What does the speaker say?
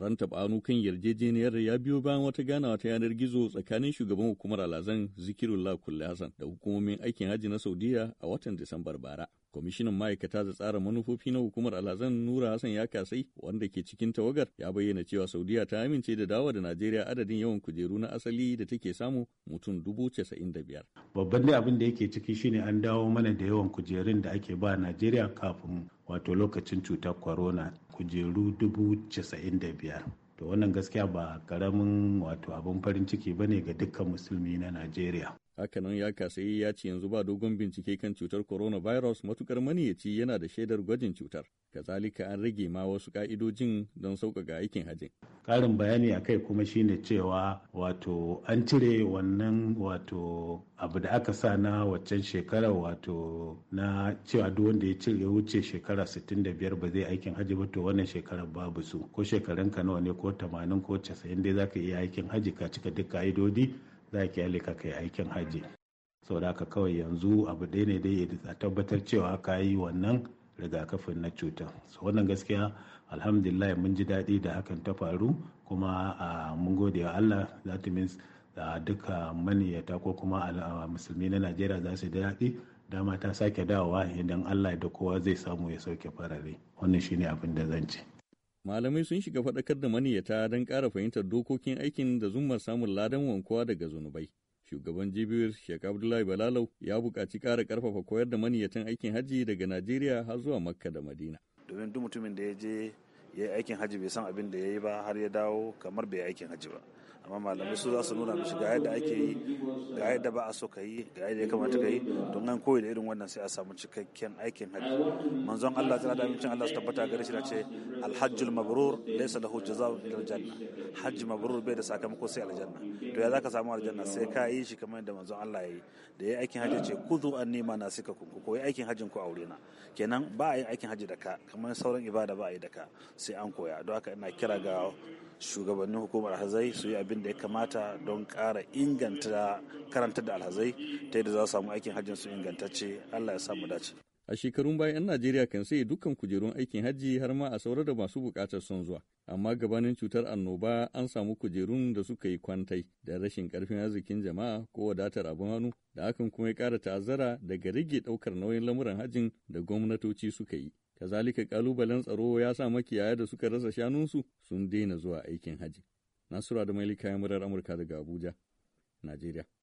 ranta banu kan yarjejeniyar ya biyo bayan wata ganawa ta yanar gizo tsakanin shugaban hukumar alazan zikirullah kulli hassan da hukumomin aikin haji na saudiya a watan disambar bara Kwamishinan ma'aikata da tsara manufofi na hukumar alhazan Nura Hassan ya kasai wanda ke cikin tawagar ya bayyana cewa Saudiya ta amince da dawa da Najeriya adadin yawan kujeru na asali da take samu mutum dubu casa'in da biyar. Babban dai abin da yake ciki shine an dawo mana da yawan kujerun da ake ba Najeriya kafin wato lokacin cutar corona kujeru dubu casa'in da biyar. to wannan gaskiya ba karamin wato abin farin ciki ba ne ga dukkan musulmi na najeriya Hakanan ya kasai ya ce yanzu ba dogon bincike kan cutar coronavirus matukar maniyaci yana da shaidar gwajin cutar. Kazalika an rage ma wasu ka'idojin don sauƙaƙa aikin hajji. Ƙarin bayani a kai kuma shine cewa wato an cire wannan wato abu da aka sa na waccan shekara wato na cewa duk wanda ya cire wuce shekara 65 ba zai aikin hajji ba to wannan shekarar babu su ko shekarun ka nawa ne ko 80 ko 90 dai zaka iya aikin hajji ka cika duk ka'idodi za ki yale ka kai aikin hajji sau da haka kawai yanzu abu ɗaya ne dai a tabbatar cewa ka yi wannan rigakafin na cutar so wannan gaskiya alhamdulillah mun ji daɗi da hakan ta faru kuma a mun gode wa allah that means da duka maniyata ko kuma musulmi na najeriya za su daɗi dama ta sake dawowa idan allah da kowa zai samu ya sauke farare wannan shine abin da zan ce Malamai sun shiga faɗakar da maniyyata don ƙara fahimtar dokokin aikin da zummar samun ladan wankuwa daga zunubai. Shugaban jibiyar Sheikh Abdullahi Balalau ya buƙaci ƙara ƙarfafa koyar da maniyyatan aikin hajji daga Najeriya har zuwa Makka da Madina. Domin duk mutumin da ya je ya yi aikin hajji bai san abin da ya yi ba har ya dawo kamar bai aikin hajji ba. amma malamai su za su nuna mishi ga yadda ake yi ga yadda ba a so ka yi ga yadda ya kamata ka yi don an koyi da irin wannan sai a samu cikakken aikin hajji manzon Allah tsira da amincin Allah su tabbata gare shi ce alhajjul mabrur laysa lahu jazaa'u illa aljanna hajji mabrur bai da sakamako sai aljanna to ya zaka samu aljanna sai ka yi shi kamar yadda manzon Allah ya yi da yayi aikin hajji ce kudu anni ma nasikakum ku koyi aikin hajjin ku aure na kenan ba a yi aikin hajji da ka kamar sauran ibada ba a yi da ka sai an koya don haka ina kira ga shugabannin hukumar hazai su yi abin abin da ya kamata don ƙara inganta karanta da alhazai ta yadda za su samu aikin hajjin su ingantacce Allah ya samu dace. A shekarun baya 'yan Najeriya kan sai dukkan kujerun aikin hajji har ma a saurar da masu bukatar son zuwa. Amma gabanin cutar annoba an samu kujerun da suka yi kwantai da rashin karfin arzikin jama'a ko wadatar abin hannu da hakan kuma ya kara ta'azzara daga rage ɗaukar nauyin lamuran hajjin da gwamnatoci suka yi. Kazalika kalubalen tsaro ya sa makiyaya da suka rasa shanunsu sun daina zuwa aikin hajji. Nasura da mai ya murar Amurka daga Abuja, Najeriya.